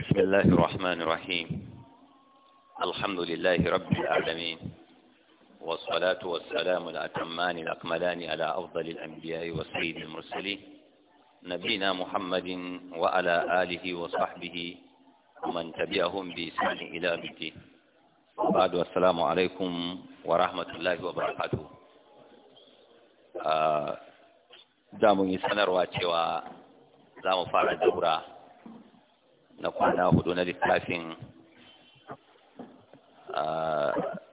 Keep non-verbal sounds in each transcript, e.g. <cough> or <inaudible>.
بسم الله الرحمن الرحيم الحمد لله رب العالمين والصلاة والسلام الأتمان الأكملان على أفضل الأنبياء والسيد المرسلين نبينا محمد وعلى آله وصحبه ومن تبعهم بإسان إلى بيته وبعد والسلام عليكم ورحمة الله وبركاته دامني سنرواتي وزام فارد دورة na kwana hudu na littafin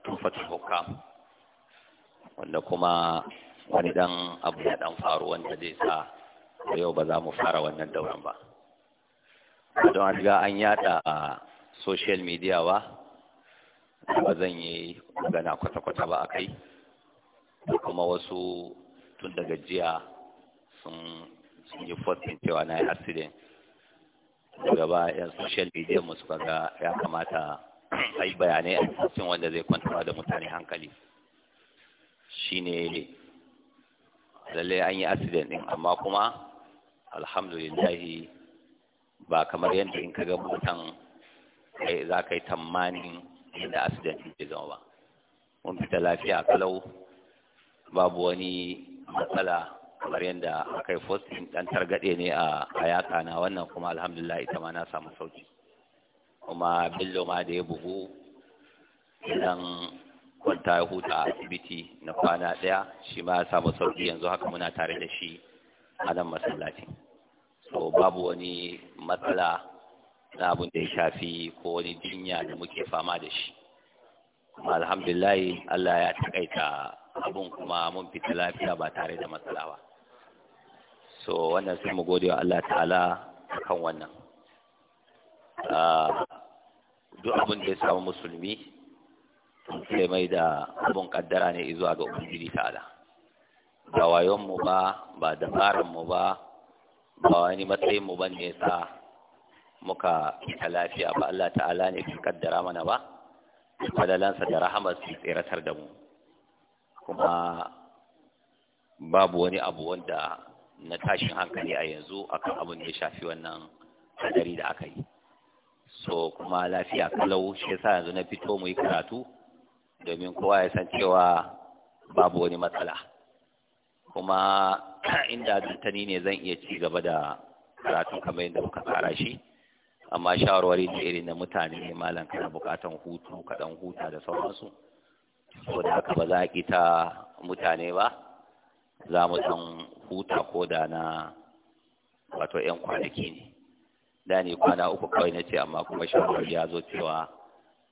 tufatul hukam wanda kuma wani dan abu ya dan faru wanda zai sa yau ba za mu fara wannan dauran ba don an riga an yada a social media ba ba zan yi gana kwata-kwata ba a kai kuma wasu tun daga jiya sun yi fosin cewa na yi accident daga ba yan social media mu suka ga ya kamata a yi bayanai a cikin wanda zai kwantarwa da mutane hankali shine lallai an yi accident din amma kuma alhamdulillah ba kamar yadda in ka ga motan za ka yi tamanin inda accident ke zama ba mun fita lafiya kalau babu wani matsala kamar yadda aka yi fostin ɗan targaɗe ne a yatsa na wannan kuma alhamdulillah ita ma na samu sauki kuma bello ma da ya bugu idan kwanta ya huta a asibiti na kwana ɗaya shi ma ya samu sauki yanzu haka muna tare da shi a nan masallaci so babu wani matsala na abin da ya shafi ko wani jinya da muke fama da shi kuma alhamdulillah Allah ya taƙaita abun kuma mun fita lafiya ba tare da matsala ba so wannan sai mu gode wa Allah ta'ala kan wannan ah, duk abin da ya samu musulmi sai mai da abin kaddara ne zuwa ga ubangiji ta'ala ba mu ba ba mu ba ba wani matsayinmu ba ne sa muka ta lafiya ba Allah ta'ala ne ke kaddara mana ba fadalansa da rahama su tseratar da mu kuma babu wani abu wanda na tashin hankali a yanzu akan abin da shafi wannan hadari da aka yi so kuma lafiya kalau shi yasa yanzu na fito mu yi karatu domin kowa ya san cewa babu wani matsala kuma <clears throat> inda tani ne zan iya ci gaba da karatu kamar yadda muka tsara shi amma shawarwari da irin na mutane ne malam kana bukatan hutu kaɗan huta da sauransu saboda haka ba za a ƙi ta mutane ba za mu san huta ko da na wato ‘yan kwanaki ne da ne kwana uku kawai na ce amma kuma shawarar ya zo cewa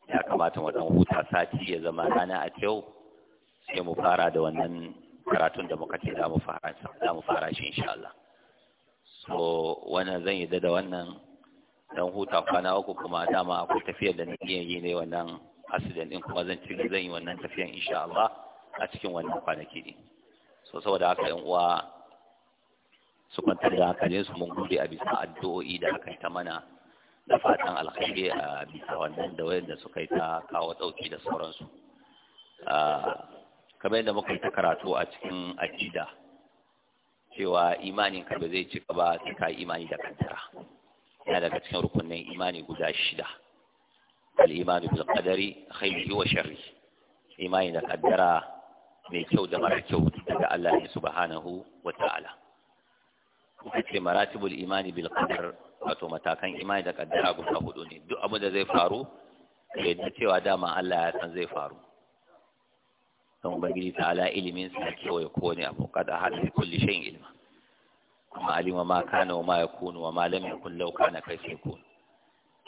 ya kamata mu huta sati ya zama rana a kyau sai mu fara da wannan karatun da muka ce za mu fara shi insha Allah so wannan zan yi da wannan dan huta kwana uku kuma dama akwai tafiyar da nake yi ne wannan asidan din kuma zan ci zan yi wannan tafiyar insha Allah a cikin wannan kwanaki ne so saboda haka yan uwa su kwantar da hankalin su mun gode a bisa addu'o'i da aka ta mana da fatan alkhairi a bisa wannan da wayanda suka yi ta kawo dauki da sauransu kamar yadda muka yi ta karatu a cikin aqida cewa imanin ka ba zai ci gaba sai ka imani da kaddara yana daga cikin rukunin imani guda shida al-imani bil qadari khairihi wa sharri imani da kaddara mai kyau da mara kyau daga Allah ne subhanahu wa ta'ala ita ce maratibul imani bil qadar wato matakan imani da kaddara guda hudu ne duk abin da zai faru da yadda cewa dama Allah ya san zai faru don ubangiji ta ala ilimin sa ko ne abu kada hada kulli shayin ilma kuma alima ma kana wa ma yakunu wa ma lam yakun law kana kai sai kun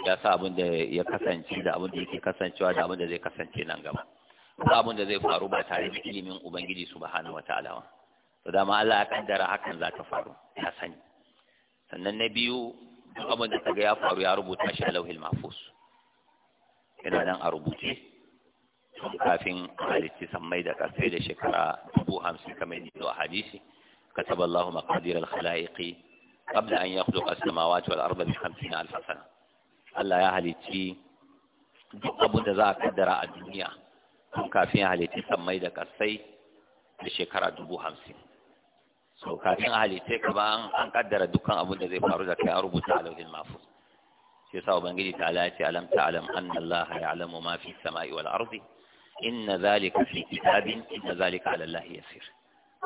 ya sa abin da ya kasance da abin da yake kasancewa da abin da zai kasance nan gaba abin da zai faru ba tare da ilimin ubangiji subhanahu wataala ba to dama Allah ya kaddara hakan za ta faru ya sani sannan na biyu abin da ga ya faru ya rubuta shi a lauhil yana nan a rubuce kafin halitti sammai da kasai da shekara dubu hamsin kamar yadda a hadisi كتب الله مقادير الخلائق قبل أن يخلق السماوات والأرض بخمسين ألف سنة Allah ya halicci duk abin za a kaddara a duniya tun kafin ya halicci samai da kasai da shekara dubu hamsin so kafin a ka ba an kaddara dukkan abin da zai faru da kai an rubuta a lauhin mafus Sai sa ubangiji ta ala ce alam ta alam anna allaha alamu ma fi samai wal arzi, inna zalika fi kitabin inna zalika ala ya yasir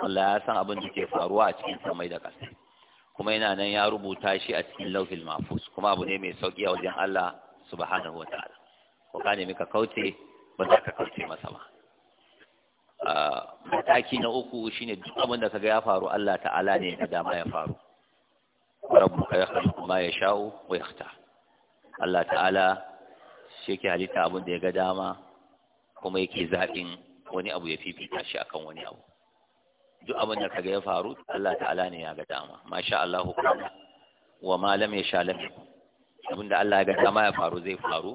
Allah ya san abin da ke faruwa a cikin samai da ƙasa kuma yana nan ya rubuta shi a cikin lauhin mafus kuma abu ne mai sauki a wajen Allah subhanahu wa ta'ala ko ka nemi ka kauce ba za ka kauce masa ba mataki na uku shine duk abin da kaga ya faru Allah ta'ala ne da dama ya faru rabbuka yakhluqu ma yasha'u wa yakhtar Allah ta'ala shi ke halitta abin da ya ga dama kuma yake zaɓin wani abu ya fifita shi akan wani abu duk abin da kaga ya faru Allah ta'ala ne ya ga dama masha Allah kana wa ma lam sha lam abin da Allah ya ga dama ya faru zai faru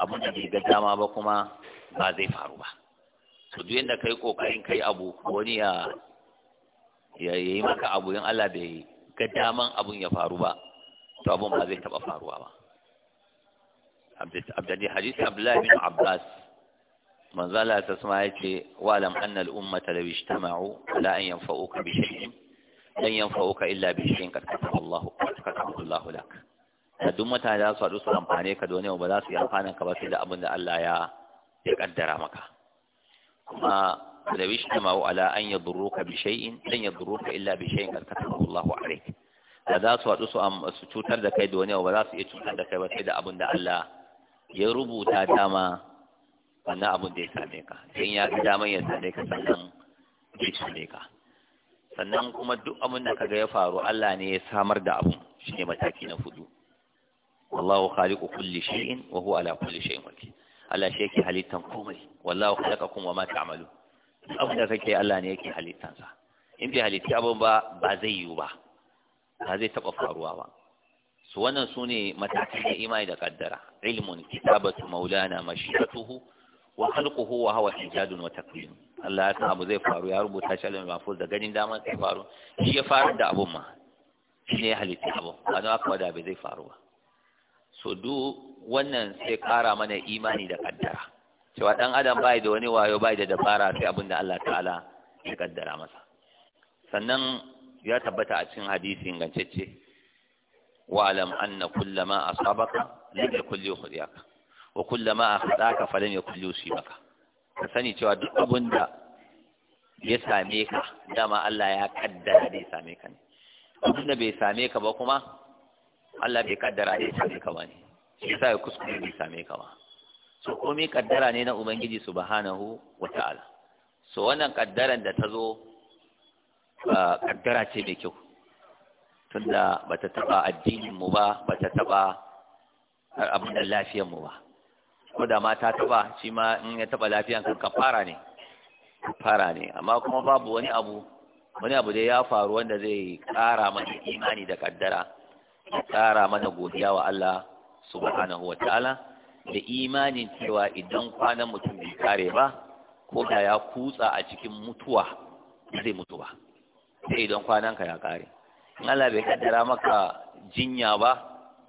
abin da bai ga dama ba kuma ba zai faru ba to duk yanda kai kokarin kai abu wani ya ya yi maka abu in Allah bai ga daman abun ya faru ba to abun ba zai taba faruwa ba abdadi hadisi abdullahi bin abbas manzo Allah ta sama yace wa lam anna al ummata law ijtama'u la an yanfa'uka bi shay'in lan yanfa'uka illa bi shay'in qad kataba Allah kataba Allah lak duk mutane za su haɗu su amfane ka da wani ba za su yi amfanin ka ba sai da abin da Allah ya ya kaddara maka kuma da bishna ma'u ala an yadurruka bi shay'in lan yadurruka illa bi shay'in kad katabahu Allahu alayk da za su haɗu su cutar da kai da wani ba za su iya cutar da kai ba sai da abin da Allah ya rubuta dama wannan abin da ya same ka sai ya fi daman ya same ka sannan ya same ka sannan kuma duk abin da kaga ya faru Allah ne ya samar da abu ne mataki na hudu wallahu khaliqu kulli shay'in wa huwa ala kulli shay'in wakil Allah shi yake halittan komai wallahu khalaqakum wa ma ta'malu abin da kake Allah ne yake halittan sa in bai halitti abin ba ba zai yiwu ba ba zai taba faruwa ba su wannan su ne matakai na imani da kaddara ilmun kitabatu maulana mashiatuhu wa khalquhu wa huwa ijadun wa taqdim Allah ya san abu zai faru ya rubuta shi al mafuz da ganin daman sai faru shi ya faru da abun ma shi ne ya halitta abun ba don da bai zai faru ba so du wannan sai ƙara mana imani da kaddara cewa ɗan adam bai da wani wayo bai da dabara sai abin da Allah ta'ala ya kaddara masa sannan ya tabbata a cikin hadisi ingantacce alam anna kullama asabaka lam yakul yukhdiyaka wa kullama akhtaka falam yakul yusibaka ka sani cewa duk abin da ya same ka dama Allah ya kaddara da ya same ka ne abin da bai same ka ba kuma Allah bai kaddara ya same ka ba ne shi sa ya kuskure bai same ka ba so komai kaddara ne na ubangiji subhanahu wata'ala so wannan kaddaran da ta zo kaddara ce mai kyau tunda bata taba addinin mu ba bata taba abin da lafiyar mu ba ko da ma ta taba shi ma in ya taba lafiyan kan ka fara ne fara ne amma kuma babu wani abu wani abu da ya faru wanda zai kara mana imani da kaddara tsara mana godiya wa Allah subhanahu wa ta'ala da imanin cewa idan kwanan mutum bai kare ba ko da ya kutsa a cikin mutuwa zai mutu ba sai idan kwananka ya kare in Allah bai kaddara maka jinya ba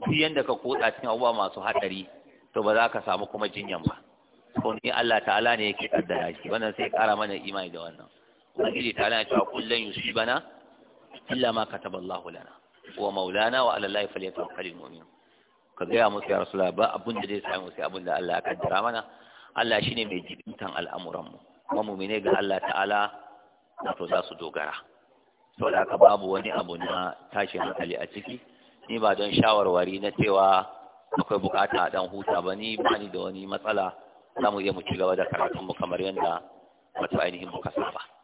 duk yanda ka kutsa cikin abubuwa masu haɗari to ba za ka samu kuma jinyan ba ko ni Allah ta'ala ne yake kaddara shi wannan sai kara mana imani da wannan ubangiji ta'ala ya cewa kullun yusibana illa ma kataballahu lana wa maulana wa ala lahi kalin mu'minun ka gaya musu ya rasu ba abun da zai sami musu abun da Allah ya kaddara mana Allah shine mai jibintan al'amuranmu. mu kuma mu'mine ga Allah ta'ala wato za su dogara Sau da aka babu wani abu na tashi hankali a ciki ni ba don shawarwari na cewa akwai bukata a dan huta ba ni ba ni da wani matsala za mu iya mu ci gaba da karatunmu kamar yadda wato ainihin muka saba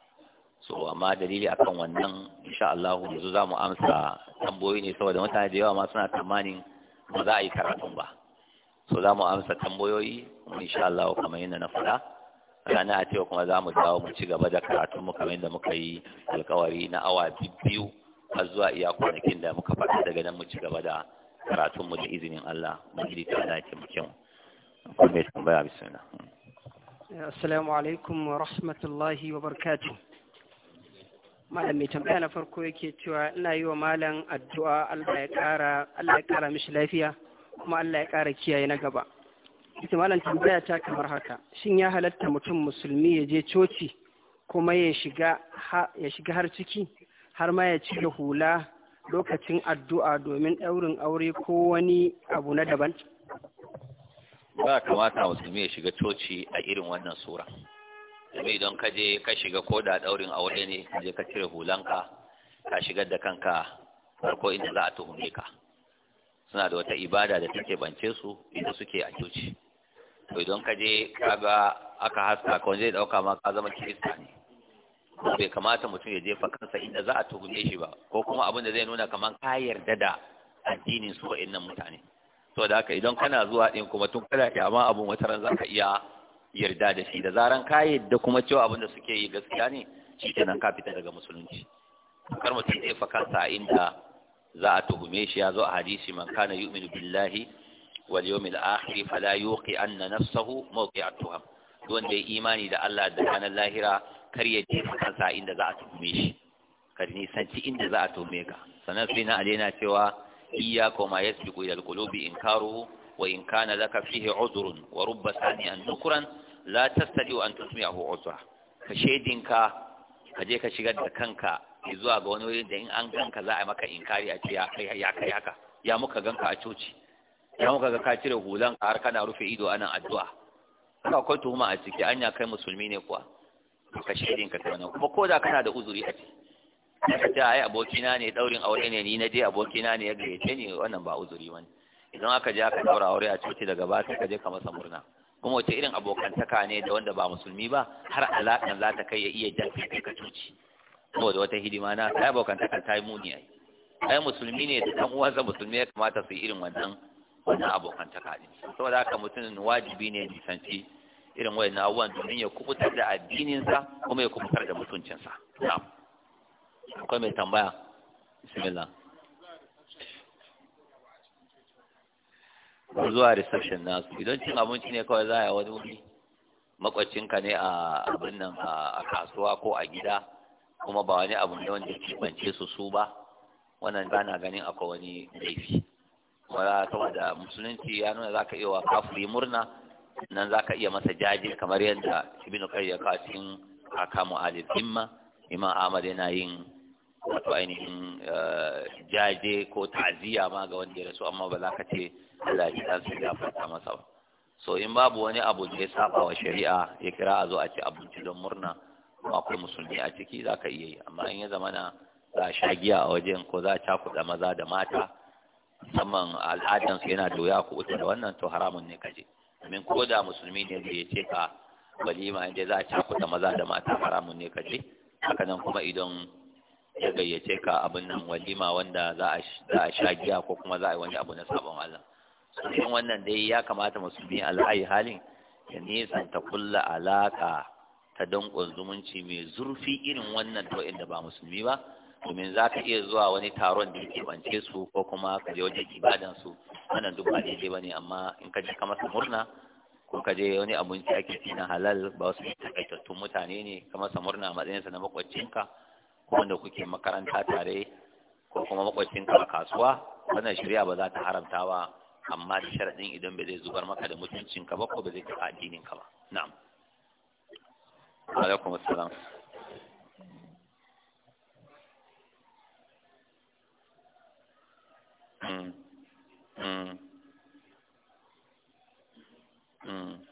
so amma dalili akan wannan insha Allah yanzu za mu amsa tambayoyi ne saboda mutane da yawa ma suna tamanin ba za a yi karatun ba so za mu amsa tambayoyi insha Allah kamar yadda na faɗa rana a cewa kuma za mu dawo mu ci gaba da karatun mu kamar yadda muka yi alkawari na awa biyu har zuwa iya kwanakin da muka faɗa daga nan mu ci gaba da karatun mu da izinin Allah mu ji ta da ke mukin kuma tambaya bismillah assalamu alaikum wa rahmatullahi wa barakatuh malam mai tambaya na farko yake cewa ina yi wa malam addu'a Allah ya ƙara Allah mishi lafiya kuma Allah ya kara kiyaye na gaba ita malam tambaya ta kamar haka shin ya halatta mutum musulmi ya je coci kuma ya shiga har ciki har ma ya da hula lokacin addu'a domin ɗaurin aure ko wani abu na daban ba kamata musulmi ya shiga coci a irin wannan sura domin idan ka je ka shiga ko da daurin aure ne ka je ka cire hulanka ka shigar da kanka farko inda za a tuhume ka suna da wata ibada da take bance su inda suke a coci to idan ka je ka ga aka haska ka wanda zai dauka ma ka zama kirista ne bai kamata mutum ya jefa kansa inda za a tuhume shi ba ko kuma abin da zai nuna kamar ka yarda da addinin su wa'annan mutane to da haka idan kana zuwa din kuma tun kana kyama abun wataran zaka iya yarda da shi da zaran ka yadda kuma cewa abin da suke yi gaskiya ne shi kenan ka fita daga musulunci kar mutum zai fa kansa a inda za a tuhume shi ya zo a hadisi man kana yu'minu billahi wal yawmil akhir fala yuqi anna nafsahu mawqi'at tuham wanda ya imani da Allah da ranar lahira kar ya je kansa a inda za a tuhume shi kar ni ci inda za a tuhume ka sanan sai na alena cewa iyyakum ma yasbiqu ila al in inkaruhu وإن كان لك فيه عذر ورب ثاني أن نكرا لا تستطيع أن تسمعه عذرا فشيدنك كجيك شغد كنك zuwa ga wani wurin da in an ganka za a maka inkari a ce ya kai ya kai haka ya muka ganka a coci ya muka ga ka cire hulan har kana rufe ido ana addu'a haka akwai tuhuma a ciki anya kai musulmi ne kuwa ka shaidin ka tana kuma ko da kana da uzuri a ka ai abokina ne daurin aure ne ni na je abokina ne ya gayyace ni wannan ba uzuri wani idan aka je aka daura aure a coci daga ba ka je ka masa murna kuma wace irin abokantaka ne da wanda ba musulmi ba har alaƙan za ta kai ya iya jafi kai ka kuma da wata hidima na ta abokantaka ta yi muni ai ai musulmi ne da ɗan uwansa musulmi ya kamata su yi irin wannan wannan abokantaka ne saboda haka mutum wajibi ne nisanci irin na abubuwan domin ya kubutar da addininsa kuma ya kubutar da mutuncinsa na'am akwai mai tambaya bismillah zuwa reception nasu idan cin abinci ne kawai za a yi wani wuri makwacinka ne a abin nan a kasuwa ko a gida kuma ba wani abu ne wanda ke bance su su ba wannan ba na ganin akwai wani laifi wala saboda musulunci ya nuna zaka iya wa kafiri murna nan zaka iya masa jaji kamar yadda ibnu qayyim ya kawo cikin akamu alil himma imam ahmad yana yin wato ainihin eh, jaje ko ta'ziya ma ga wanda ya rasu amma ba za ka ce Allah ya kira su ya fata masa so in babu wani abu da ya saba wa shari'a ya kira a zo a ci abinci don murna kuma musulmi a ciki za ka iya yi amma in ya zama na za a sha giya a wajen ko za a cakuɗa maza da mata musamman al'adansu yana doya ku wuce da wannan to haramun ne kaje domin ko da musulmi ne zai ya ce ka walima inda za a cakuɗa maza da mata haramun ne kaje haka nan kuma idan ya gayyace ka abin nan walima wanda za a sha giya ko kuma za a yi wani abu na sabon Allah cikin wannan dai ya kamata musulmi alhayi halin ya ta kulla alaka ta danƙon zumunci mai zurfi irin wannan to inda ba musulmi ba domin za ka iya zuwa wani taron da ke bance su ko kuma ka je wajen ibadan su wannan duk ba daidai ba ne amma in ka je ka masa murna ko ka je wani abinci ake ci na halal ba wasu takaitattun mutane ne ka masa murna a matsayinsa na makwacinka ko wanda kuke makaranta tare ko kuma makwacinka a kasuwa wannan shari'a ba za ta haramta ba amma da sharadin idan bai zai zubar maka da mutuncin ka ba ko bai zai taɓa addinin ka ba na'am alaikum assalam Mm. Mm. Mm.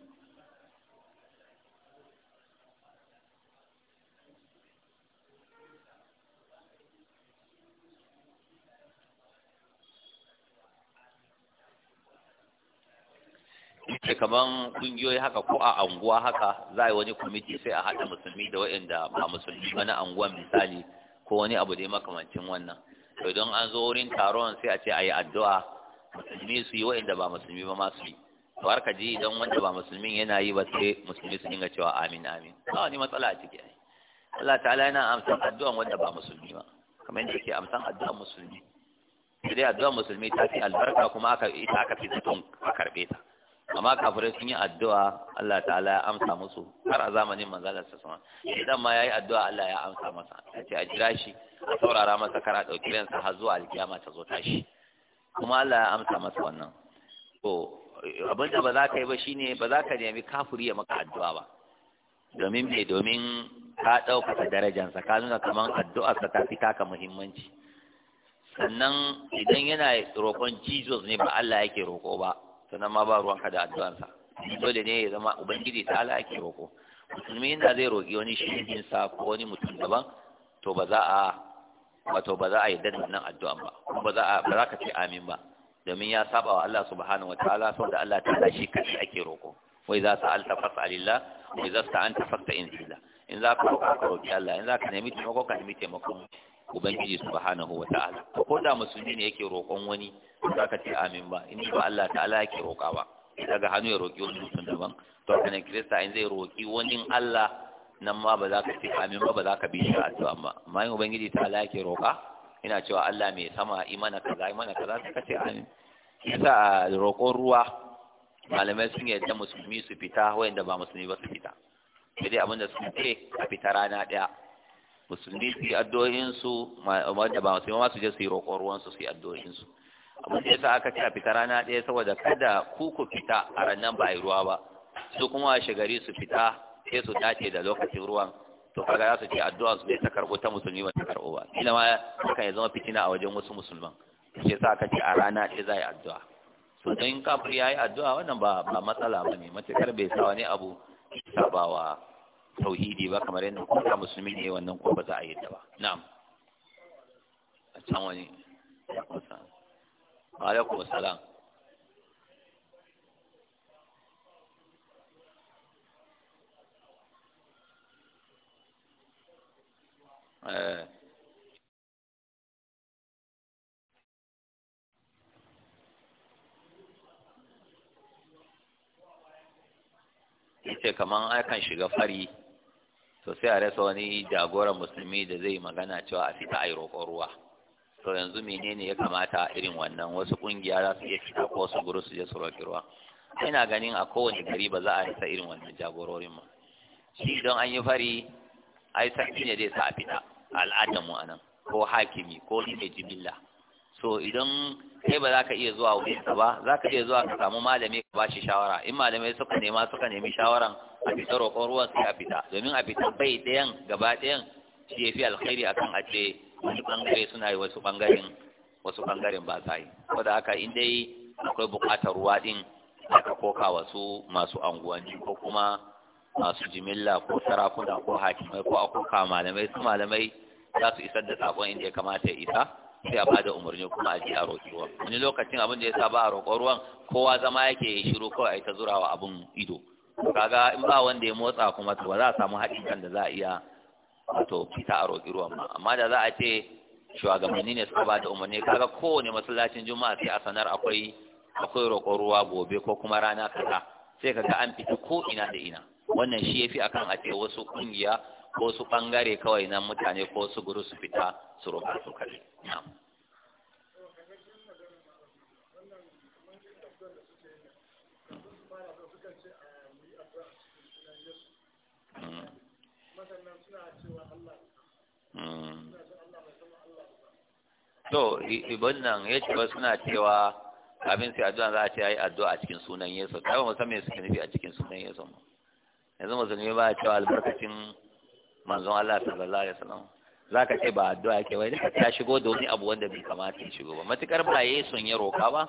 ce kaman kungiyoyi haka ko a anguwa haka za a yi wani kwamiti sai a haɗa musulmi da waɗanda ba musulmi ba na anguwan misali ko wani abu dai makamancin wannan to don an zo wurin taron sai a ce a yi addu'a musulmi su yi waɗanda ba musulmi ba ma su yi to har ka ji idan wanda ba musulmin yana yi ba sai musulmi su dinga cewa amin amin ba wani matsala a ciki Allah ta'ala yana amsan addu'an wanda ba musulmi ba kamar yadda ke amsan addu'an musulmi sai dai addu'an musulmi ta fi albarka kuma aka ita aka fi zaton a karɓe ta amma kafirai sun yi addu'a Allah ta'ala ya amsa musu har a zamanin manzalar sa sama idan ma yayi addu'a Allah ya amsa masa ya ce a jira shi a saurara masa kara dauki ransa har zuwa alkiyama ta zo tashi kuma Allah ya amsa masa wannan to abin da ba za ka yi ba shine ba za ka nemi kafiri ya maka addu'a ba domin me domin ka ɗaukaka darajansa ka nuna kamar addu'arsa ta fi taka muhimmanci sannan idan yana roƙon jesus ne ba allah yake roƙo ba sannan ma ba ruwanka da addu'ansa dole ne ya zama ubangiji ta ala ake roƙo musulmi inda zai roƙi wani shirin sa ko wani mutum daban to ba za a wato ba za a yi dadin nan addu'an ba ba za a ba za ka ce amin ba domin ya saba wa Allah subhanahu wataala saboda Allah ta shi kashi ake roƙo wai za sa'alta Alillah? wai za sta'anta fasta'in billah in za ka roƙa ka roƙi Allah in za ka nemi taimako ka nemi taimako ubangiji subhanahu ta’ala, ko da musulmi ne yake roƙon wani ka ce amin ba in ba Allah ta'ala yake roƙa ba ga hannu ya roƙi wani mutum daban to kana kirista in zai roƙi wani Allah nan ma ba za ka ce amin ba ba za ka bi shi a tuwa ba amma in ubangiji ta'ala yake roƙa ina cewa Allah mai sama imana kaza imana kaza za ka ce amin yasa a roƙon ruwa malamai sun yadda musulmi su fita wayanda ba musulmi ba su fita sai dai abinda sun ce a fita rana ɗaya musulmi su yi addu'o'insu wanda ba musulmi ma su je su yi roƙon ruwansu su yi addu'o'insu abin da yasa aka ce a fita rana ɗaya saboda kada ku ku fita a rannan ba a yi ruwa ba su kuma a shagari su fita sai su dace da lokacin ruwan to kaga za su ce addu'a su bai ta karɓo ta musulmi ba ta karɓo ba kila ma hakan ya zama fitina a wajen wasu musulman shi yasa aka ce a rana ɗaya za a yi addu'a so don kafin ya yi addu'a wannan ba matsala ba ne matuƙar bai sa wani abu sabawa tauhidi ba kamar yadda kuma musulmi ne wannan ko ba za a yi ta ba na'am a can wani wa alaikum salam Ita eh. kamar aikan shiga fari to sai a rasa wani jagoran musulmi da zai magana cewa a fita a yi roƙon ruwa to yanzu menene ya kamata irin wannan wasu ƙungiya za su iya fita ko su guri su je su roƙi ruwa ina ganin a kowane gari ba za a rasa irin wannan jagororin ma shi don an yi fari ai sarki ne zai sa a fita al'adar mu anan ko hakimi ko ne jimilla so idan kai ba za ka iya zuwa wurinsa ba za ka iya zuwa ka samu malami ka ba shi shawara in malamai suka nema suka nemi shawaran a fita roƙon ruwan sai a fita domin a fita bai ɗayan gaba ɗayan shi ya fi alkhairi akan a ce wasu ɓangare suna yi wasu ɓangaren wasu ɓangaren ba sa yi da haka in dai akwai buƙatar ruwa ɗin aka koka wasu masu anguwanni ko kuma masu jimilla ko sarakuna ko hakimai ko akoka malamai su malamai za su isar da sakon inda ya kamata ya isa sai a bada umarni kuma a ji a roƙi wani lokacin abin da ya sa ba a roƙon ruwan kowa zama yake shiru kawai a yi ta zurawa abin ido kaga in ba wanda ya motsa kuma to ba za a samu haɗin kan da za a iya wato fita a roƙi ruwan ba amma da za a ce shugabanni ne suka ba da umarni kaga kowane masallacin juma'a sai a sanar akwai akwai roƙon ruwa gobe ko kuma rana kaza sai kaga an fita ko ina da ina wannan shi yafi akan a ce wasu kungiya ko su bangare kawai na mutane ko su guru su fita su roƙa su kare Hmm. to ibn nan ya ce suna cewa abin sai addu'a za a ce yayi addu'a a cikin sunan Yesu Ta ba musamman suke nufi a cikin sunan Yesu yanzu musulmi ba cewa albarkacin manzon Allah sallallahu alaihi wasallam zaka ce ba addu'a yake wai duka ta shigo da wani abu wanda bai kamata ya shigo ba matukar ba Yesu ya roka ba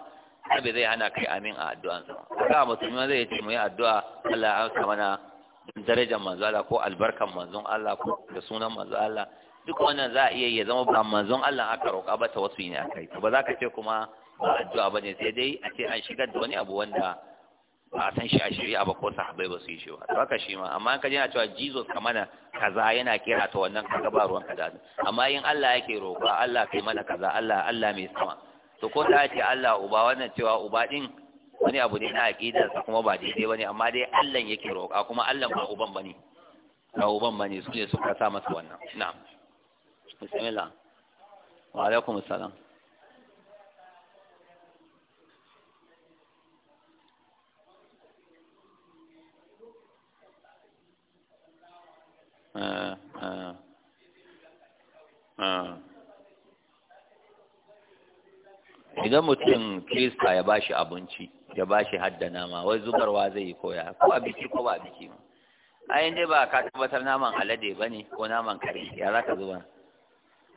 abin zai hana kai amin a addu'an sa kaga musulmi zai ce mu yi addu'a Allah ya amsa mana darajar manzo Allah ko albarkan manzon Allah ko da sunan manzo Allah duk wannan za a iya ya zama ba manzon Allah aka roƙa ba ta wasu ne yi ba za ka ce kuma ba addu'a ba ne sai dai a ce an shigar da wani abu wanda ba a san shi a shari'a ba ko sahabbai ba su yi shi ba to haka shi ma amma ka jina cewa Jesus ka mana kaza yana kira ta wannan ka ba ruwan kaza amma in Allah yake roƙa Allah kai mana kaza Allah Allah mai sama to ko da ce Allah uba wannan cewa uba din wani abu ne na aqidar sa kuma ba daidai bane amma dai Allah yake roƙa kuma Allah ba uban bane ba uban bane su ne suka sa masa wannan na'am bismillah wa alaikum salam Uh, eh, eh, eh. idan mutum kirista ya bashi abinci ya bashi hadda nama wai zubarwa zai yi koya ko a biki ko ba a biki ma ayin dai ba ka tabbatar naman alade ba ne ko naman kare ya za ka zuba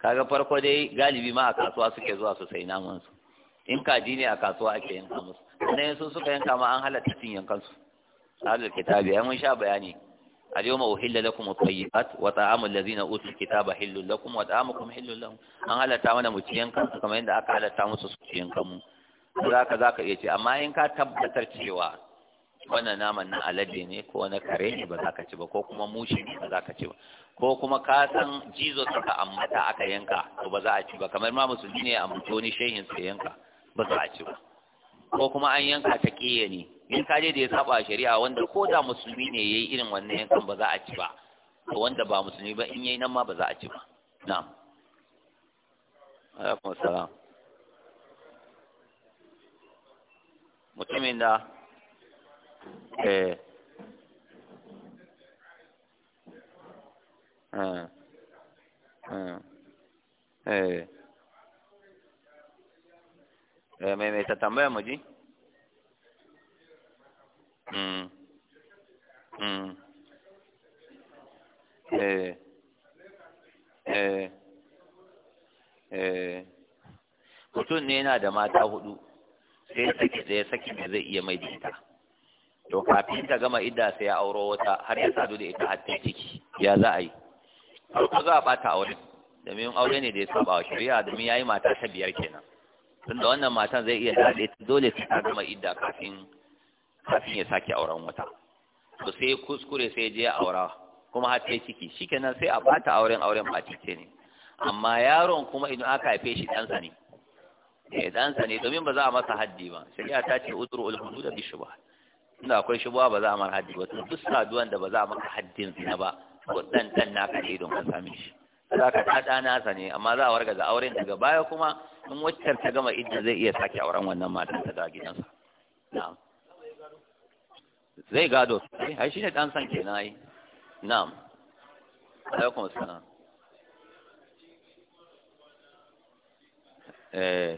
kaga farko dai galibi ma a kasuwa suke zuwa su sai namansu in kaji ne a kasuwa ake yanka musu sannan yin suka yanka ma an halatta cin yankan su alal kitabi ai mun sha bayani al yawma uhilla lakum at-tayyibat wa ta'amul ladzina utul kitaba hillul lakum wa ta'amukum hillul lahum an halatta mana mu ci yankan su kamar yadda aka halatta musu su ci yankan mu zaka zaka iya ce amma in ka tabbatar cewa wannan naman na alade ne ko na kare ne ba za ka ci ba ko kuma mushi ne ba za ka ci ba ko kuma ka san jizo suka ammata aka yanka to ba za a ci ba kamar ma musulmi ne a mutu ni shehin su yanka ba za a ci ba ko kuma an yanka ta kiyaye ne in ka je da ya saba shari'a wanda ko da musulmi ne yayi irin wannan yankan ba za a ci ba to wanda ba musulmi ba in yayi nan ma ba za a ci ba na'am alaikum assalam mutumin da ɛɛ ɛɛ ɛɛ eh eh me me ta tambaya ɛɛ ji mm, mm. Eh. Eh. Eh. mutum ne yana da mata hudu sai saki ɗaya saki da zai iya mai da ita to kafin ta gama idda sai ya auro wata har ya sadu da ita hatta ciki ya za a yi farko za a bata aure domin aure ne da ya saba wa shari'a domin yayi mata ta biyar kenan tunda wannan matan zai iya dade dole sai ta gama idda kafin kafin ya sake auren wata to sai kuskure sai je aura kuma har ta ciki shikenan sai a bata auren auren ba ce ne amma yaron kuma idan aka haife shi ɗansa ne eh ɗansa ne domin ba za a masa haddi ba shari'a ta ce uzru ul hudud bi shubhat tunda akwai shubuwa ba za a mara haddi ba duk saduwan da ba za a maka haddin zina ba ko dan dan ka ne don ka same shi za ka ta ɗa nasa ne amma za a warga da auren daga baya kuma in waccan ta gama idda zai iya sake auren wannan matan ta da gidansa na'am zai gado ai shine dan san kenan ai na'am alaikum assalam eh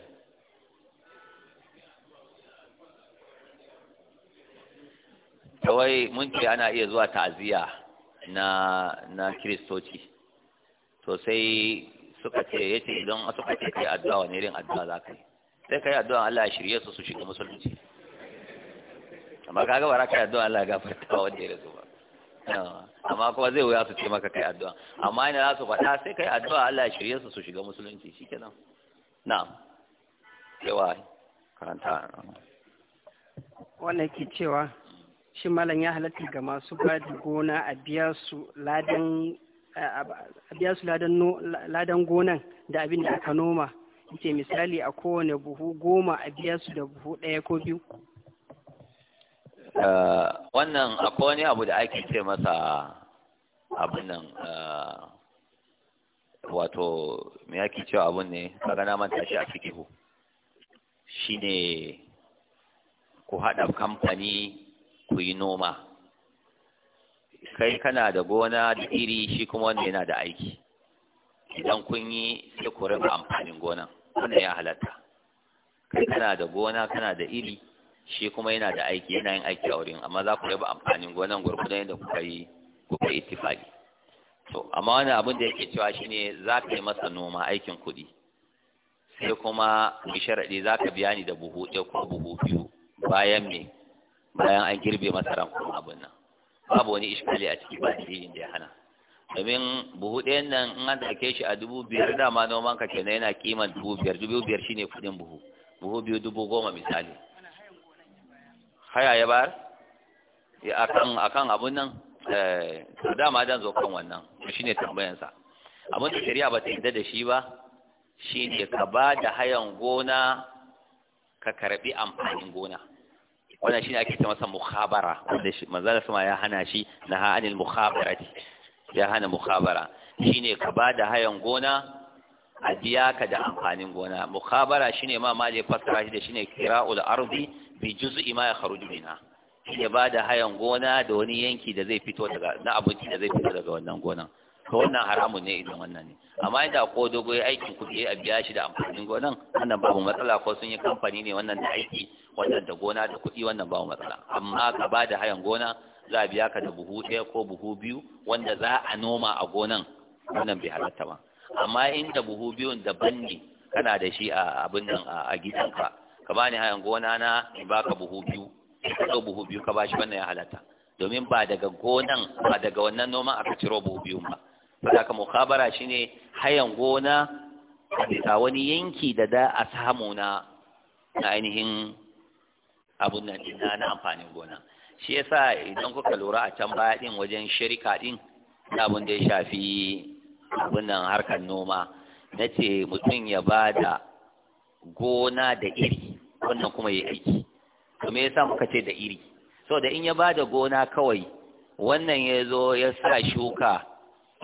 Tawai mun ce ana iya zuwa ta'aziyya na na kiristoci to sai suka ce yace idan suka ce kai addu'a wani irin addu'a za ka yi sai kai addu'a Allah ya shirye su su shiga musulunci amma kaga ba za ka yi addu'a Allah ya gafarta wanda ya rasu ba amma kuma zai wuya su ce maka kai addu'a amma ina za su faɗa sai kai addu'a Allah ya shirye su su shiga musulunci shikenan na'am yawa karanta wannan ke cewa shi malam ya halatta ga masu ba da gona a biya su ladan gonan da abin da aka noma ce misali a kowane buhu goma a biya su da buhu ɗaya ko biyu eh, wannan akwai wani abu da ake ce masa abin nan eh, wato me ake cewa abun ne kaga na manta shi a fikihu shine ku haɗa kamfani ku yi noma kai kana da gona da iri shi kuma wanda yana da aiki idan kun yi sai ku raba amfanin gonan wannan ya halatta kai kana da gona kana da iri shi kuma yana da aiki yana yin aiki a wurin amma za ku raba amfanin gonan gurgudan yadda kuka yi kuka yi tifaki to amma wani abin da yake cewa shine za ka yi masa noma aikin kuɗi sai kuma bi sharaɗi za ka biya ni da buhu ɗaya ko buhu biyu bayan me bayan an girbe masaran kuma abin nan babu wani iskali a ciki ba dalilin da ya hana domin buhu ɗayan nan in an ɗauke shi a dubu biyar dama noman ka kenan yana kiman dubu biyar dubu biyar shi ne kuɗin buhu buhu biyu dubu goma misali haya ya bayar akan akan abun nan da eh, dama dan zo kan wannan tambayan sa abun da shari'a ba ta yarda da shi ba ne ka ba da hayan gona ka karbi amfanin gona wannan shine ake ce masa mukhabara wanda manzala sama ya hana shi na ha'anil mukhabarati ya hana mukhabara shine ka ba da hayan gona a biya ka da amfanin gona mukhabara shine ma ma je shi da shine kira'ul ardi bi juz'i ma yakhruju minha Shi ba da hayan gona da wani yanki da zai fito daga na abinci da zai fito daga wannan gonan to wannan haramun ne idan wannan ne amma inda ko dogo ya aiki kuɗi a biya shi da amfanin gonan wannan babu matsala ko sun yi kamfani ne wannan da aiki wannan da gona da kuɗi wannan babu matsala amma ka ba da hayan gona za a biya ka da buhu ɗaya ko buhu biyu wanda za a noma a gonan wannan bai halatta ba amma inda buhu biyun daban ne kana da shi a abin nan a gidanka ka ba ni hayan gona na in baka buhu biyu ka buhu biyu ka ba shi wannan ya halatta domin ba daga gonan ba daga wannan noman aka ciro buhu biyun ba ka mukhabara ne hayan gona a wani yanki da da a samu na ainihin abun nan na amfanin gona shi yasa idan kuka lura a can baya din wajen shirika din na abun da ya shafi abun nan harkar noma na ce mutum ya ba da gona da iri wannan kuma ya aiki Kuma me yasa muka ce da iri so da in ya ba da gona kawai wannan ya zo ya sa shuka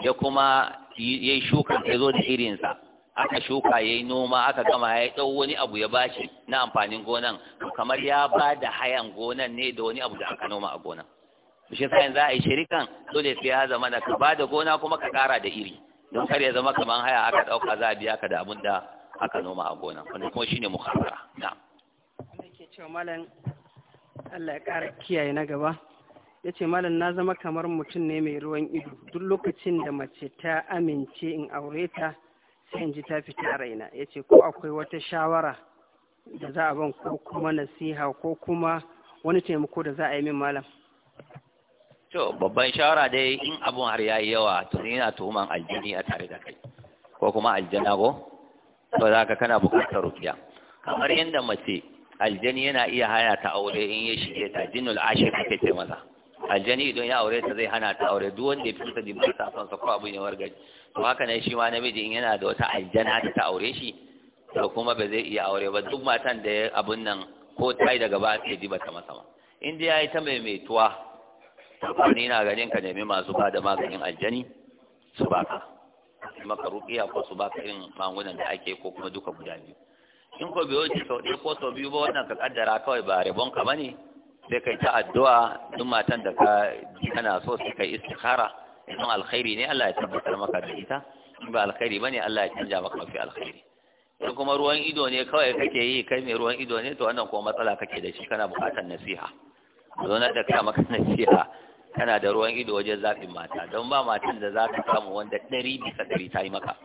ya kuma yi shuka ya zo da irinsa aka shuka ya yi noma aka gama ya ɗau wani abu ya bashi na amfanin gonan kamar ya ba da hayan gonan ne da wani abu da aka noma a gonan shi sa yanzu a yi shirikan dole sai ya zama na ka ba da gona kuma ka kara da iri don kar ya zama kamar haya aka ɗauka za a biya ka da abun da aka noma a gona wanda kuma shine mukhasara na Allah ya kara kiyaye na gaba ya ce malam na zama kamar mutum ne mai ruwan ido duk lokacin da mace ta amince in aure ta sai in ji ta fita raina ya ce ko akwai wata shawara da za a ban ko kuma nasiha ko kuma wani taimako da za a yi min malam to babban shawara dai in abun har yayi yawa to ni na tuhuman aljini a tare da kai ko kuma aljana ko to ka kana bukatar rukiya kamar yadda mace aljani yana iya hana ta aure in ya shige ta jinul ashir ake ce maza aljani idan ya aure ta zai hana ta aure duk wanda ya fi ta mata ta son sa ko abu ne warga to haka ne shi ma namiji in yana da wata aljana ta ta aure shi to kuma ba zai iya aure ba duk matan da ya abun nan ko tai daga ba ta ji ba ta masa ma in dai ya yi ta maimaituwa ni na ganin ka nemi masu ba da maganin aljani su baka maka rukiya ko su baka irin magungunan da ake ko kuma duka guda biyu in ko biyo ce sau ɗaya ko sau biyu ba wannan ka kaddara kawai ba rabon ka bane sai kai ta addu'a duk matan da ka ji kana so sai kai istikhara idan alkhairi ne Allah ya tabbatar maka da ita in ba alkhairi bane Allah ya canja maka mafi alkhairi in kuma ruwan ido ne kawai kake yi kai mai ruwan ido ne to wannan kuma matsala kake da shi kana bukatar nasiha zaunar da kai maka nasiha kana da ruwan ido wajen zaɓin mata don ba matan da za ka samu wanda ɗari bisa ɗari ta yi maka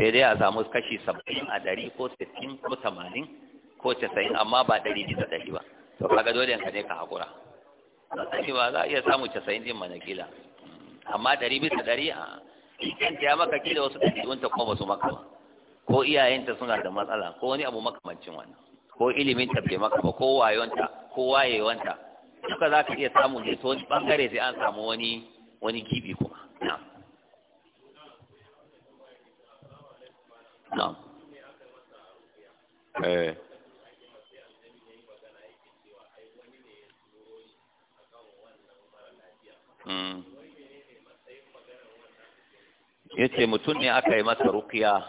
sai dai a samu kashi saba'in a ɗari ko sittin ko tamanin ko casa'in amma ba ɗari bisa ɗari ba to kaga dole ka je ka hakura ba sai ba za a iya samu 90 din mana kila amma 100 bisa 100 a idan ta maka kila wasu ɗabi'un ta kuma su maka ba ko iyayenta suna da matsala ko wani abu makamancin wannan ko ilimin ta bai maka ba ko wayonta ko wayewanta duka za ka iya samu ne to wani bangare sai an samu wani wani gibi kuma na'am na'am eh ya ce mutum ne aka yi masa rukiya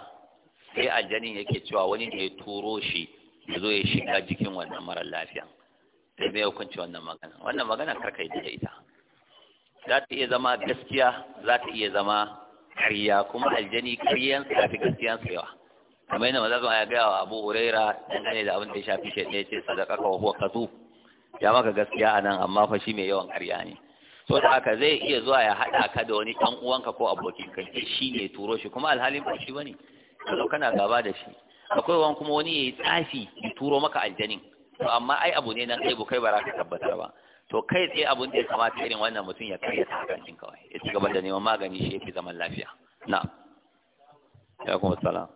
sai aljanin yake cewa wani ne ya turo shi ya zo ya shiga jikin wannan marar lafiya sai mai hukunci wannan magana wannan magana karka yi ita za ta iya zama gaskiya za ta iya zama karya kuma aljani karyansa ya fi gaskiyansa yawa kamar yadda maza zuwa ya gaya wa abu Uraira huraira gane da abin da ya shafi shaɗe ce sadaka ka wa huwa ya maka gaskiya a nan amma fa shi mai yawan karya ne To da haka zai iya zuwa ya haɗa ka da wani ɗan uwanka ko abokin ka shi ne turo shi kuma alhalin ba shi bane ka kana gaba da shi akwai wani kuma wani yayi tsafi ya turo maka aljanin to amma ai abu ne nan kai bu kai ba za ka tabbatar ba to kai tsaye abun da ya kamata irin wannan mutum ya karya ta hakan din kawai ya ci da neman magani shi fi zaman lafiya na ya kuma salam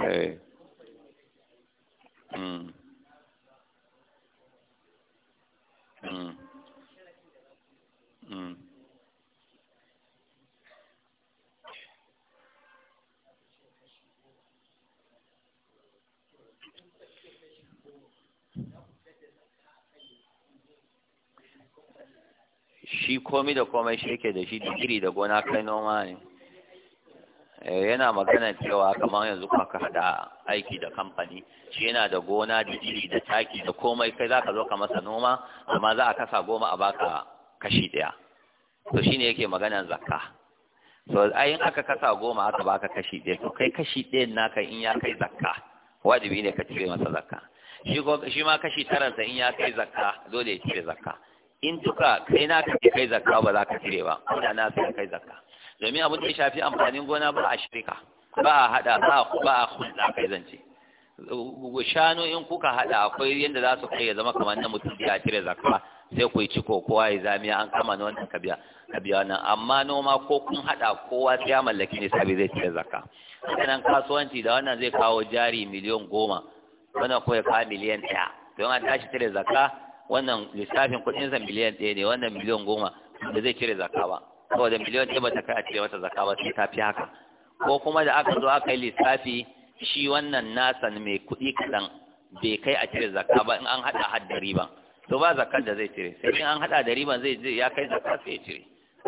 eh mm Mm. Mm. shi komi da komai shi yake da shi digiri da gona kai noma ne Eh, yana magana cewa kamar yanzu ka hada aiki da kamfani shi yana da gona da iri da taki da komai kai za ka zo ka masa noma amma za a kasa goma a baka kashi ɗaya to shine yake maganan zakka so ayin aka kasa goma aka baka kashi ɗaya to kai kashi ɗayan naka in ya kai zakka wajibi ne ka cire masa zakka shi ko shi ma kashi taransa in ya kai zakka dole ya cire zakka in duka kai naka kai zakka ba za ka cire ba ko da na sai kai zakka domin abin da ya shafi amfanin gona ba a shirka ba a hada ba a hulɗa kai zance shanu in kuka hada akwai yadda za su kai ya zama kamar na mutum ya cire zakka sai ku yi ciko kowa ya zamiya an kama na wannan kabiya kabiya nan amma noma ko kun hada kowa sai ya mallaki ne sabi zai cire zakka sannan kasuwanci da wannan zai kawo jari miliyan goma wannan kuma ya kawo miliyan ɗaya don an tashi cire zakka wannan lissafin kuɗinsa miliyan ɗaya ne wannan miliyan goma da zai cire zakka ba saboda miliyan ɗaya bata kai a cire mata zakka ba sai ta fi haka ko kuma da aka zo aka yi lissafi shi wannan nasan mai kuɗi kaɗan bai kai a cire zaka ba in an haɗa har da riban to ba zakar da zai cire sai in an haɗa da riban zai je ya kai zaka sai ya cire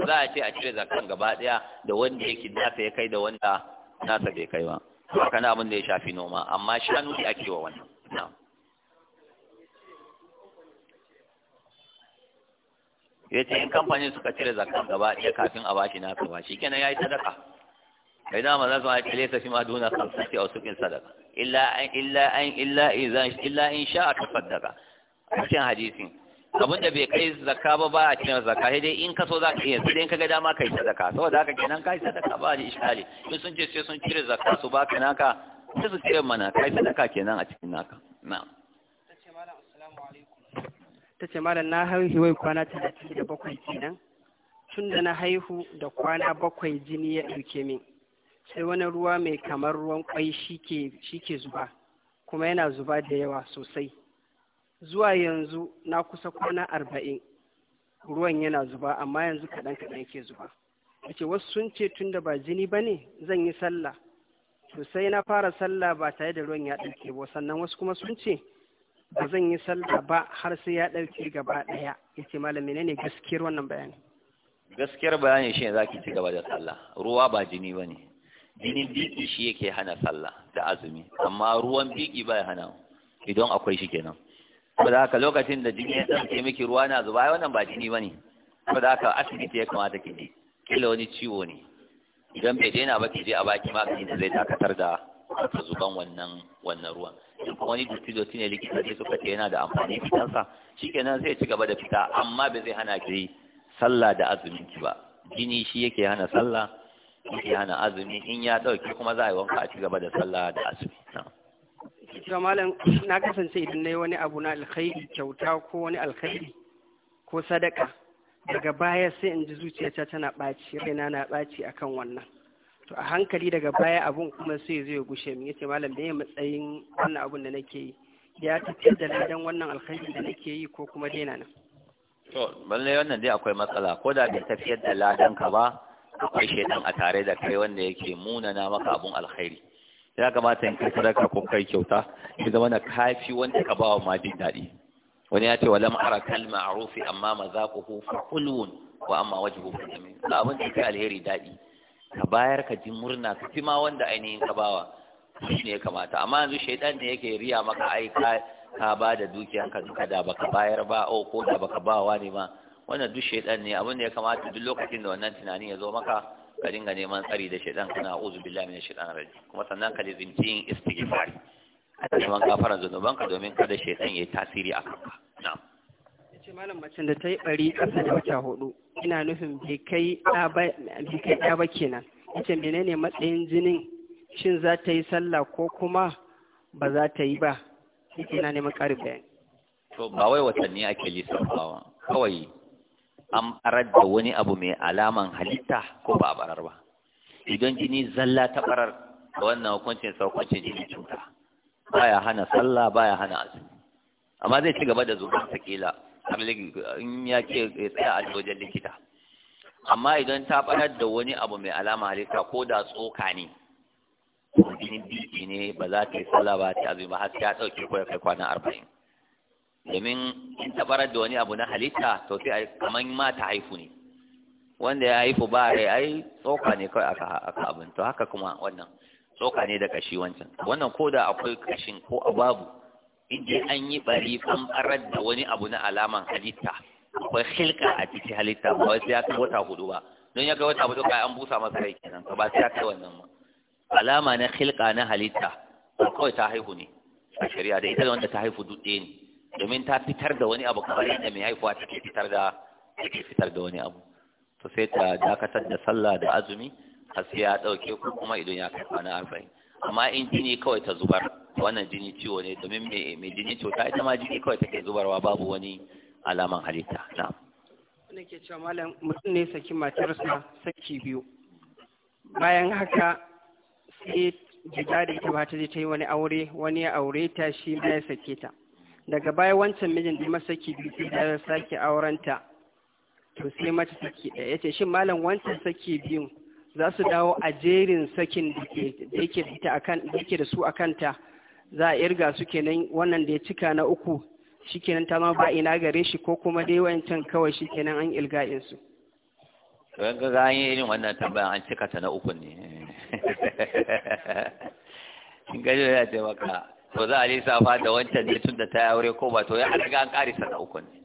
za a ce a cire zakan gaba ɗaya da wanda yake nasa ya kai da wanda nasa bai kai ba haka na abin da ya shafi noma amma shanu ne ake wa wannan na'am ya ce in kamfanin suka cire zakar gaba ya kafin a bashi na ka shi kenan ya yi sadaka kai dama za su haƙi lesa fi ma duna a wasu sadaka illa an illa an illa izan illa in sha a tafaddaka cikin hadisin abin da bai kai zakka ba ba a cikin zakka sai dai in ka so za ka iya sai in ka ga dama kai sadaka saboda haka kenan kai sadaka ba da ishali in sun ce sai sun cire zakka su ba ka naka sai su cire mana kai sadaka kenan a cikin naka na'am ta ce malam na haihu wai kwana talatin da bakwai kenan tun da na haihu da kwana bakwai jini ya ɗauke min sai wani ruwa mai kamar ruwan kwai shi ke zuba kuma yana zuba da yawa sosai zuwa yanzu na kusa kwana arba'in ruwan yana zuba amma yanzu kaɗan kaɗan yake zuba ce wasu sun ce tun da ba jini ba ne zan yi sallah to sai na fara sallah ba tare da ruwan ya ɗauke ba sannan wasu kuma sun ce ba zan yi sallah ba har sai ya ɗauke gaba ɗaya yace malami ne gaskiyar wannan bayani gaskiyar bayani shine zaki ci gaba da sallah ruwa ba jini bane jinin biki shi yake hana sallah da azumi amma ruwan biki bai hana idan akwai shi kenan saboda haka lokacin da jini ya ɗauke miki ruwa na zuba wannan ba jini bane saboda haka asibiti ya kamata ki je kila wani ciwo ne idan bai daina ba ki je a baki magani da zai dakatar da zuban wannan wannan ruwan wani dutse ne likita sai suka ce yana da amfani fitansa shikenan sai ci gaba da fita amma bai zai hana ki sallah da azumin ki ba jini shi yake hana sallah yake hana azumi in ya dauke kuma za a yi wanka a ci gaba da sallah da azumi malam na kasance idan na yi wani abu na alkhairi kyauta ko wani alkhairi ko sadaka daga baya sai in ji zuciyata tana ɓaci raina na ɓaci akan wannan to a hankali daga baya abun kuma sai zai gushe min yace malam me matsayin wannan abun da nake yi ya tafi da ladan wannan alkhairi da nake yi ko kuma daina nan to balle wannan dai akwai matsala ko da bai tafi da ladan ka ba akwai shedan a tare da kai wanda yake munana maka abun alkhairi ya kamata in kai sadaka ko kai kyauta ya zama na kafi wanda ka ba wa ma jin daɗi wani ya ce wa lam ara kal ma'rufi amma mazaquhu fa hulwun wa amma wajhuhu fa amin abin da kai alheri daɗi ka bayar ka ji murna ka fi ma wanda ainihin ka bawa shi ne ya kamata amma yanzu shaidan ne yake riya maka ai ka ba da dukiyanka duka da baka bayar ba o oh, ko da baka bawa ne ma wannan duk shaidan ne abin da ya kamata duk lokacin da wannan tunanin ya zo maka ka dinga neman tsari da shaidan kana uzu billahi minash shaidan raji. kuma sannan ka lizinci yin istighfari a neman gafaran zunubanka domin kada shaidan ya yi tasiri a kanka malam macen da ta yi bari ƙasa da wata hudu ina nufin bai kai ɗa ba kenan ita menene matsayin jinin shin za ta yi sallah ko kuma ba za ta yi ba ina neman ƙarin bayani to ba wai watanni ake lissafawa kawai an barar da wani abu mai alaman halitta ko ba a barar ba idan jini zalla ta barar wannan hukuncin saukacin jini cuta baya hana sallah baya hana azumi amma zai ci gaba da zuban sakila in ya ce ya tsaya a wajen likita amma idan ta barar da wani abu mai alama halitta ko da tsoka ne jini biki ne ba za ta yi sallah ba ta azumi ba har ya ɗauke ko ya kai kwana arba'in domin in ta barar da wani abu na halitta to sai kamar ma ta haifu ne wanda ya haifu ba a ai tsoka ne kawai aka abin to haka kuma wannan tsoka ne da kashi wancan wannan ko da akwai kashin ko babu inda an yi bari an barar da wani abu na alaman halitta akwai hilka a cikin halitta ba wasu sai ya kai wata hudu ba don ya kai wata hudu kai an busa masa rai kenan ba sai ya kai wannan ba alama na hilka na halitta ba kawai ta haihu ne a shari'a da ita da wanda ta haifu duk ne domin ta fitar da wani abu kamar yadda mai haifuwa take fitar da take fitar da wani abu to sai ta dakatar da sallah da azumi har sai ya ɗauke ku kuma idan ya kai kwana arba'in amma in ne kawai ta zubar wannan jini ciwo ne domin mai jini cuta ita ma jini kawai take zubarwa babu wani alaman halitta na ke cewa malam mutum ne saki matarsa saki biyu bayan haka sai gida da ita ba ta je ta yi wani aure wani ya aure ta shi ma ya sake ta daga baya wancan mijin da saki biyu sai da sake aurenta to sai mata saki ɗaya ce shin malam wancan saki biyu za su dawo a jerin sakin da yake da su a kanta za a irga su kenan wannan da ya cika na uku shikenan ta ma ba ina gare shi ko kuma dai wancan kawai shikenan an ilga'in su ran ga an yi irin wannan tambaya an cika ta na uku ne in gaji ya ce maka to za a lissafa da wancan ne tun da ta aure ko ba to ya riga an karisa na uku ne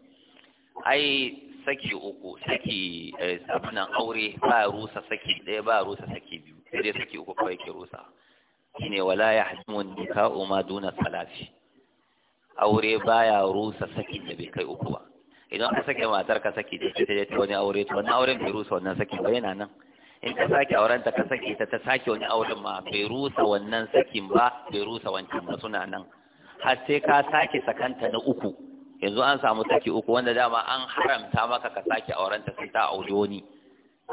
ai saki uku saki sabunan eh, aure ba rusa saki ɗaya ba rusa saki biyu sai dai saki uku kawai ke rusa ne wala yahzumu Nika, ma duna salati aure baya rusa sakin da bai kai uku ba idan ka sake matar ka sake da ita ta wani aure to wannan auren bai rusa wannan sakin ba yana nan in ka sake auren ta ka sake ta ta sake wani auren ma bai rusa wannan sakin ba bai rusa wancan ba suna nan har sai ka sake sakanta na uku yanzu an samu saki uku wanda dama an haramta maka ka sake auren ta sai ta aure wani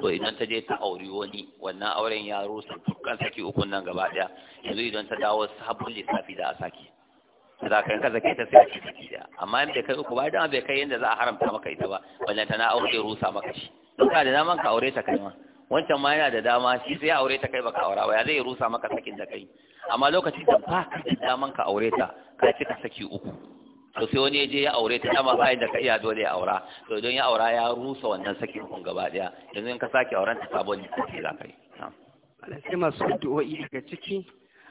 to idan ta je ta auri wani wannan auren ya rusa dukkan saki uku nan gaba daya yanzu idan ta dawo sabon lissafi da a saki za ka yanka zake ta sai ce saki da amma in bai kai uku ba idan bai kai yanda za a haramta maka ita ba wannan tana aure rusa maka shi duk da dama ka aure ta kai ma wancan ma yana da dama shi sai aure ta kai baka aura ba ya zai rusa maka sakin da kai amma lokacin da ba ka da daman ka aure ta ka cika saki uku to sai wani ya je ya aure ta dama bayan da ka iya dole ya aura to idan ya aura ya rusa wannan sakin kun gaba daya yanzu in ka sake auren ta sabon lissafi za ka yi sai masu addu'o'i daga ciki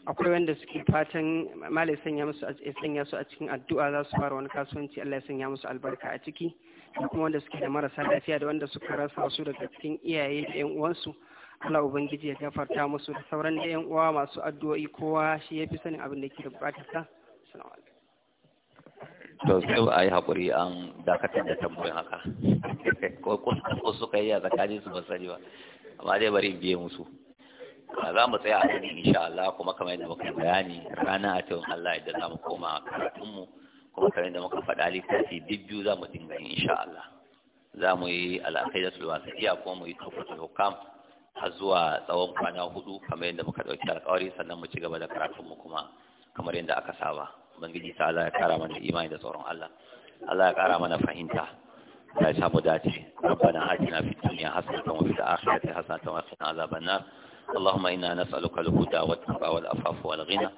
akwai wanda suke fatan malai sanya musu ya sanya su a cikin addu'a za su fara wani kasuwanci Allah ya sanya musu albarka a ciki kuma wanda suke da marasa lafiya da wanda suka rasa su daga cikin iyaye da yan uwansu Allah ubangiji ya gafarta musu da sauran da yan uwa masu addu'o'i kowa shi ya fi sanin abin da ke da bukatarsa assalamu to sai ba a yi haƙuri an dakatar da tambayin haka <laughs> ko ko suka yi a tsakanin su ba sani ba amma dai bari biye musu za mu tsaya a cikin insha Allah kuma kamar yadda muka bayani rana a cewa Allah idan za mu koma karatun mu kuma kamar yadda muka faɗa littafi duk biyu za mu dinga insha Allah za mu yi da al'aqaidatul wasiya kuma mu yi tawfatul hukam har zuwa tsawon kwana hudu kamar yadda muka ɗauki alƙawari sannan mu ci gaba da karatun mu kuma kamar yadda aka saba ubangiji ta Allah ya kara mana imani da tsoron Allah Allah ya kara mana fahimta ya samu dace rabbana atina fid dunya hasanatan wa fil akhirati hasanatan wa qina azaban nar اللهم إنا نسألك الهدى والتقى والأفاف والغنى